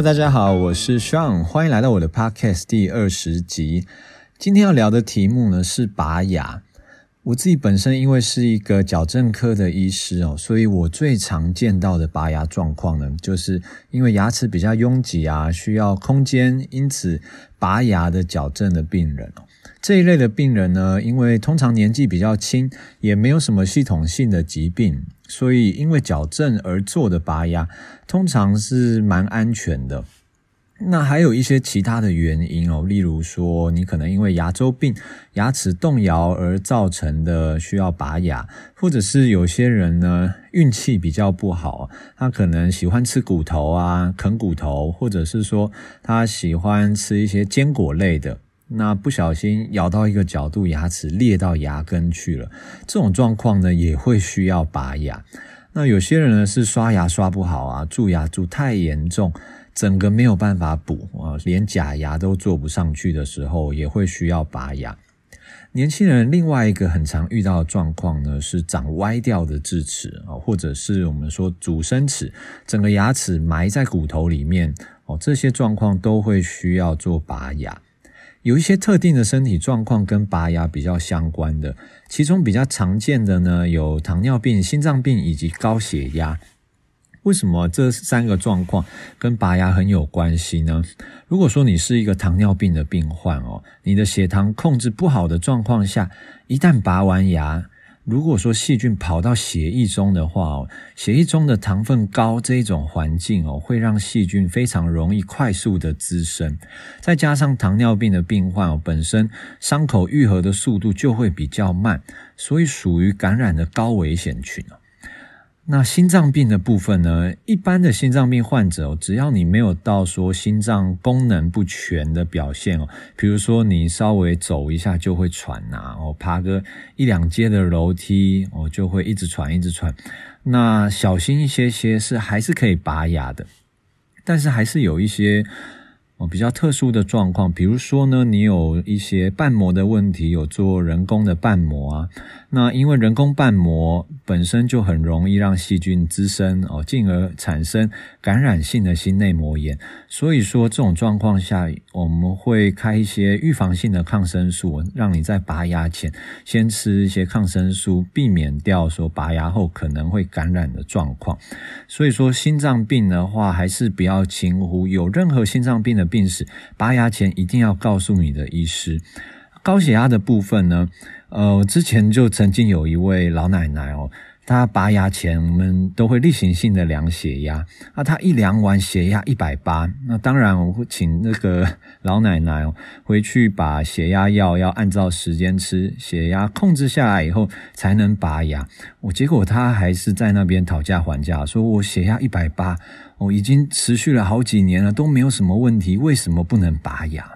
Hello，大家好，我是 Sean，歡迎來到我的 Podcast 第二十集。今天要聊的題目呢，是拔牙。我自己本身因為是一個矯正科的醫師哦，所以我最常見到的拔牙狀況呢，就是因為牙齒比較擁擠啊，需要空間，因此拔牙的矯正的病人哦。這一類的病人呢，因為通常年紀比較輕，也沒有什麼系統性的疾病，所以因為矯正而做的拔牙，通常是蠻安全的。那還有一些其他的原因哦，例如說，你可能因為牙周病、牙齒動搖而造成的需要拔牙，或者是有些人呢，運氣比較不好，他可能喜歡吃骨頭啊，啃骨頭，或者是說他喜歡吃一些堅果類的。那不小心咬到一個角度，牙齒裂到牙根去了，這種狀況呢也會需要拔牙。那有些人呢是刷牙刷不好啊，蛀牙蛀太嚴重，整個沒有辦法補啊，連假牙都做不上去的時候，也會需要拔牙。年輕人另外一個很常遇到的狀況呢是長歪掉的智齒啊，或者是我們說阻生齒，整個牙齒埋在骨頭裡面哦，這些狀況都會需要做拔牙。有一些特定的身體狀況跟拔牙比較相關的，其中比較常見的呢，有糖尿病、心臟病以及高血壓。為什麼這三個狀況跟拔牙很有關係呢？如果說你是一個糖尿病的病患哦，你的血糖控制不好的狀況下，一旦拔完牙。如果說細菌跑到血液中的話哦，血液中的糖分高這一種環境哦，會讓細菌非常容易快速的滋生，再加上糖尿病的病患本身傷口癒合的速度就會比較慢，所以屬於感染的高危險群哦。那心臟病的部分呢？一般的心臟病患者，只要你沒有到說心臟功能不全的表現哦，比如說你稍微走一下就會喘吶、啊，爬個一兩階的樓梯，我就會一直喘一直喘。那小心一些些是還是可以拔牙的，但是還是有一些。哦，比較特殊的狀況，比如說呢，你有一些瓣膜的問題，有做人工的瓣膜啊。那因為人工瓣膜本身就很容易讓細菌滋生哦，進而產生感染性的心內膜炎。所以說這種狀況下，我們會開一些預防性的抗生素，讓你在拔牙前先吃一些抗生素，避免掉說拔牙後可能會感染的狀況。所以說心臟病的話，還是比較輕忽，有任何心臟病的病史，拔牙前一定要告訴你的醫師。高血壓的部分呢？呃，之前就曾經有一位老奶奶哦，她拔牙前我們都會例行性的量血壓啊，她一量完血壓一百八，那當然我會請那個老奶奶哦回去把血壓藥要按照時間吃，血壓控制下來以後才能拔牙。我結果她還是在那邊討價還價，說我血壓一百八。哦，已經持續了好幾年了，都沒有什麼問題，為什麼不能拔牙？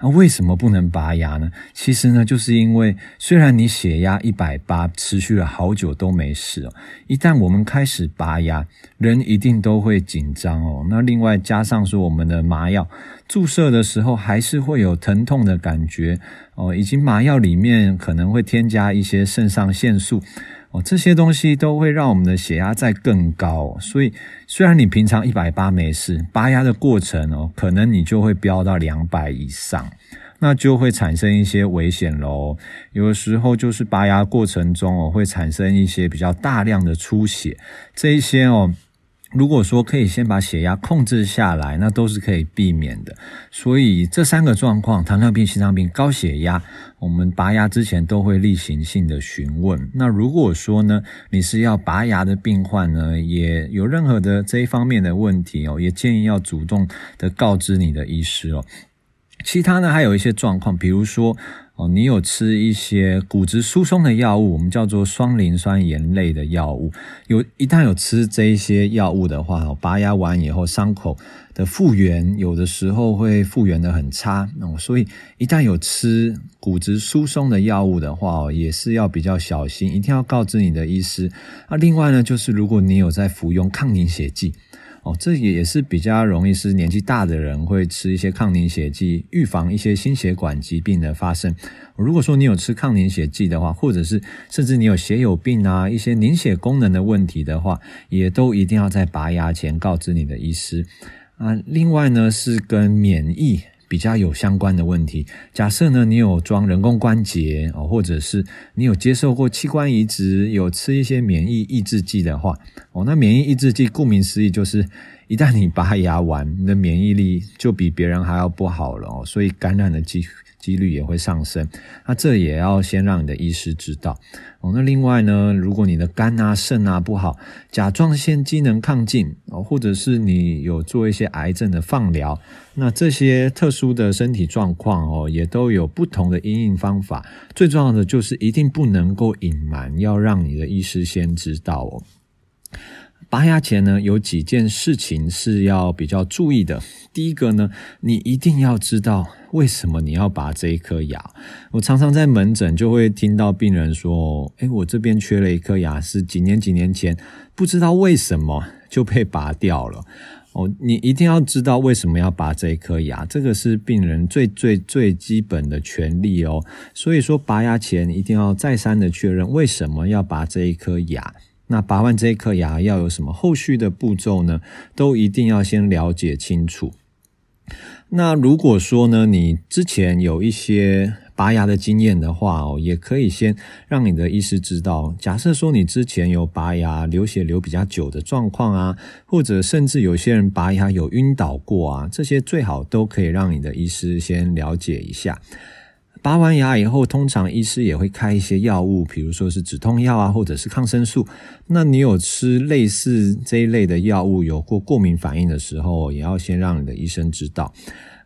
那、啊、為什麼不能拔牙呢？其實呢，就是因為雖然你血壓一百八，持續了好久都沒事哦，一旦我們開始拔牙，人一定都會緊張哦。那另外加上說，我們的麻藥注射的時候，還是會有疼痛的感覺哦，以及麻藥裡面可能會添加一些腎上腺素。哦，這些東西都會讓我們的血壓再更高，哦，所以雖然你平常一百八沒事，拔牙的過程哦，可能你就會飆到兩百以上，那就會產生一些危險嘍。有的時候就是拔牙過程中哦，會產生一些比較大量的出血，這一些哦。如果說可以先把血壓控制下來，那都是可以避免的。所以這三個狀況——糖尿病、心臟病、高血壓，我們拔牙之前都會例行性的詢問。那如果說呢，你是要拔牙的病患呢，也有任何的這一方面的問題哦，也建議要主動的告知你的醫師哦。其他呢，還有一些狀況，比如說，哦，你有吃一些骨質疏鬆的藥物，我們叫做雙磷酸鹽類的藥物，有一旦有吃這些藥物的話，拔牙完以後傷口的復原，有的時候會復原得很差，哦，所以一旦有吃骨質疏鬆的藥物的話，哦，也是要比較小心，一定要告知你的醫師。啊，另外呢，就是如果你有在服用抗凝血劑。哦，這也也是比較容易是年紀大的人會吃一些抗凝血劑，預防一些心血管疾病的發生。如果說你有吃抗凝血劑的話，或者是甚至你有血友病啊，一些凝血功能的問題的話，也都一定要在拔牙前告知你的醫師。啊，另外呢，是跟免疫。比較有相關的問題。假設呢，你有裝人工關節，或者是你有接受過器官移植，有吃一些免疫抑制劑的話哦，那免疫抑制劑顧名思義就是，一旦你拔牙完，你的免疫力就比別人還要不好了，所以感染的機。幾率也會上升，那這也要先讓你的醫師知道哦。那另外呢，如果你的肝啊、腎啊不好，甲狀腺機能亢進哦，或者是你有做一些癌症的放療，那這些特殊的身體狀況哦，也都有不同的因應方法。最重要的就是一定不能夠隱瞞，要讓你的醫師先知道哦。拔牙前呢，有幾件事情是要比較注意的。第一個呢，你一定要知道為什麼你要拔這一顆牙。我常常在門診就會聽到病人說：“誒，我這邊缺了一顆牙，是幾年幾年前，不知道為什麼就被拔掉了。”哦，你一定要知道為什麼要拔這一顆牙，這個是病人最最最基本的權利哦。所以說，拔牙前一定要再三的確認為什麼要拔這一顆牙。那拔完這一顆牙要有什麼後續的步驟呢？都一定要先了解清楚。那如果說呢，你之前有一些拔牙的經驗的話哦，也可以先讓你的醫師知道。假設說你之前有拔牙流血流比較久的狀況啊，或者甚至有些人拔牙有暈倒過啊，這些最好都可以讓你的醫師先了解一下。拔完牙以後，通常醫師也會開一些藥物，比如說是止痛藥啊，或者是抗生素。那你有吃類似這一類的藥物，有過過敏反應的時候，也要先讓你的醫生知道。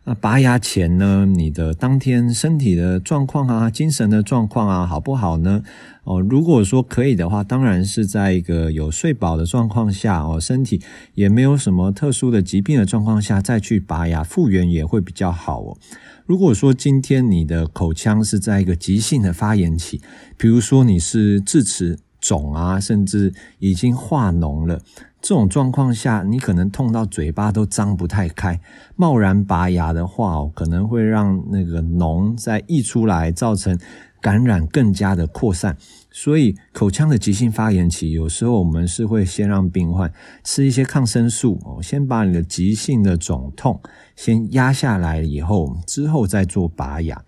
那拔牙前呢？你的當天身體的狀況啊，精神的狀況啊，好不好呢？哦，如果說可以的話，當然是在一個有睡飽的狀況下哦，身體也沒有什麼特殊的疾病的狀況下再去拔牙，復原也會比較好哦。如果說今天你的口腔是在一個急性的發炎期，比如說你是智齒。腫啊，甚至已經化膿了。這種狀況下，你可能痛到嘴巴都張不太開。貿然拔牙的話，哦，可能會讓那個膿再溢出來，造成感染更加的擴散。所以，口腔的急性發炎期，有時候我們是會先讓病患吃一些抗生素，哦，先把你的急性的腫痛先壓下來以後，之後再做拔牙。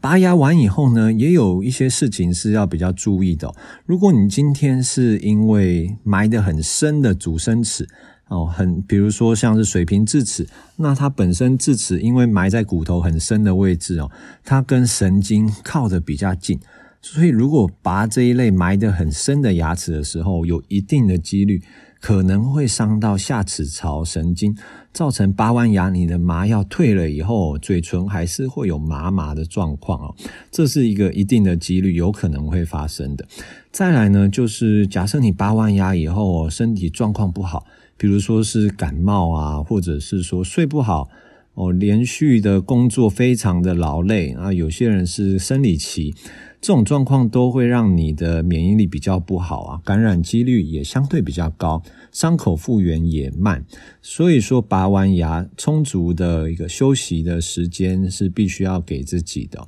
拔牙完以後呢，也有一些事情是要比較注意的哦。如果你今天是因為埋得很深的阻生齒哦，很比如說像是水平智齒，那它本身智齒因為埋在骨頭很深的位置哦，它跟神經靠得比較近，所以如果拔這一類埋得很深的牙齒的時候，有一定的幾率。可能會傷到下齒槽神經，造成拔完牙，你的麻藥退了以後，嘴唇還是會有麻麻的狀況。這是一個一定的幾率，有可能會發生的。再來呢，就是假設你拔完牙以後，身體狀況不好，比如說是感冒啊，或者是說睡不好。哦，連續的工作非常的勞累啊，有些人是生理期，這種狀況都會讓你的免疫力比較不好啊，感染幾率也相對比較高，傷口復原也慢。所以說，拔完牙充足的一個休息的時間是必須要給自己的。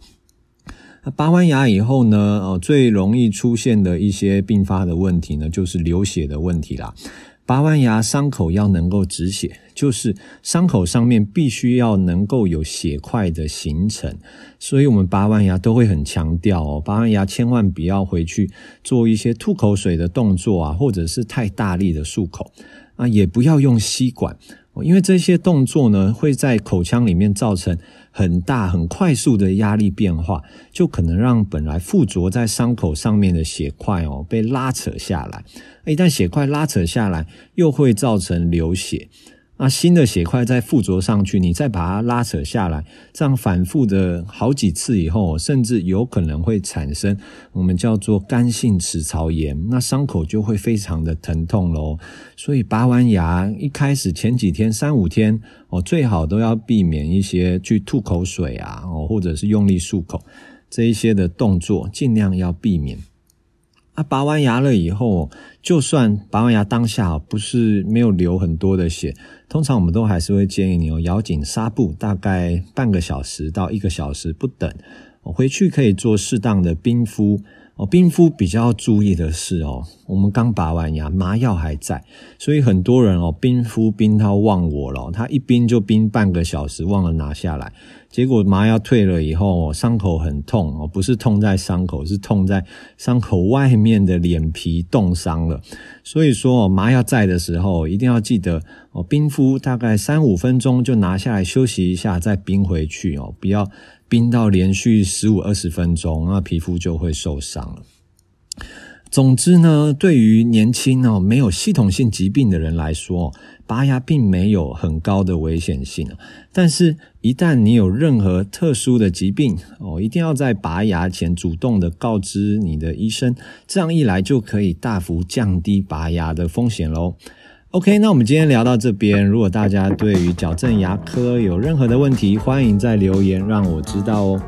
那、啊、拔完牙以後呢，哦，最容易出現的一些併發的問題呢，就是流血的問題啦。拔完牙，傷口要能夠止血，就是傷口上面必須要能夠有血塊的形成。所以，我們拔完牙都會很強調哦，拔完牙千萬不要回去做一些吐口水的動作啊，或者是太大力的漱口。啊，也不要用吸管，因為這些動作呢，會在口腔裡面造成很大、很快速的壓力變化，就可能讓本來附着在傷口上面的血塊哦，被拉扯下來。一旦血塊拉扯下來，又會造成流血。那新的血塊再附着上去，你再把它拉扯下來，這樣反覆的好幾次以後，甚至有可能會產生我們叫做乾性齒槽炎，那傷口就會非常的疼痛咯。所以拔完牙，一開始前幾天，三五天哦，最好都要避免一些去吐口水啊，或者是用力漱口，這一些的動作，盡量要避免。那、啊、拔完牙了以後，就算拔完牙當下不是沒有流很多的血，通常我們都還是會建議你哦，咬緊紗布，大概半個小時到一個小時不等，回去可以做適當的冰敷。哦，冰敷比較要注意的是哦，我們剛拔完牙，麻藥還在，所以很多人哦，冰敷冰到忘我了，哦，他一冰就冰半個小時，忘了拿下來，結果麻藥退了以後，傷口很痛哦，不是痛在傷口，是痛在傷口外面的臉皮凍傷了。所以說哦，麻藥在的時候一定要記得哦，冰敷大概三五分鐘就拿下來休息一下，再冰回去哦，不要。冰到連續十五二十分鐘，那皮膚就會受傷了。總之呢，對於年輕哦，沒有系統性疾病的人來說，拔牙並沒有很高的危險性。但是，一旦你有任何特殊的疾病哦，一定要在拔牙前主動地告知你的醫生，這樣一來就可以大幅降低拔牙的風險嘍。OK，那我們今天聊到這邊。如果大家對於矯正牙科有任何的問題，歡迎在留言讓我知道哦。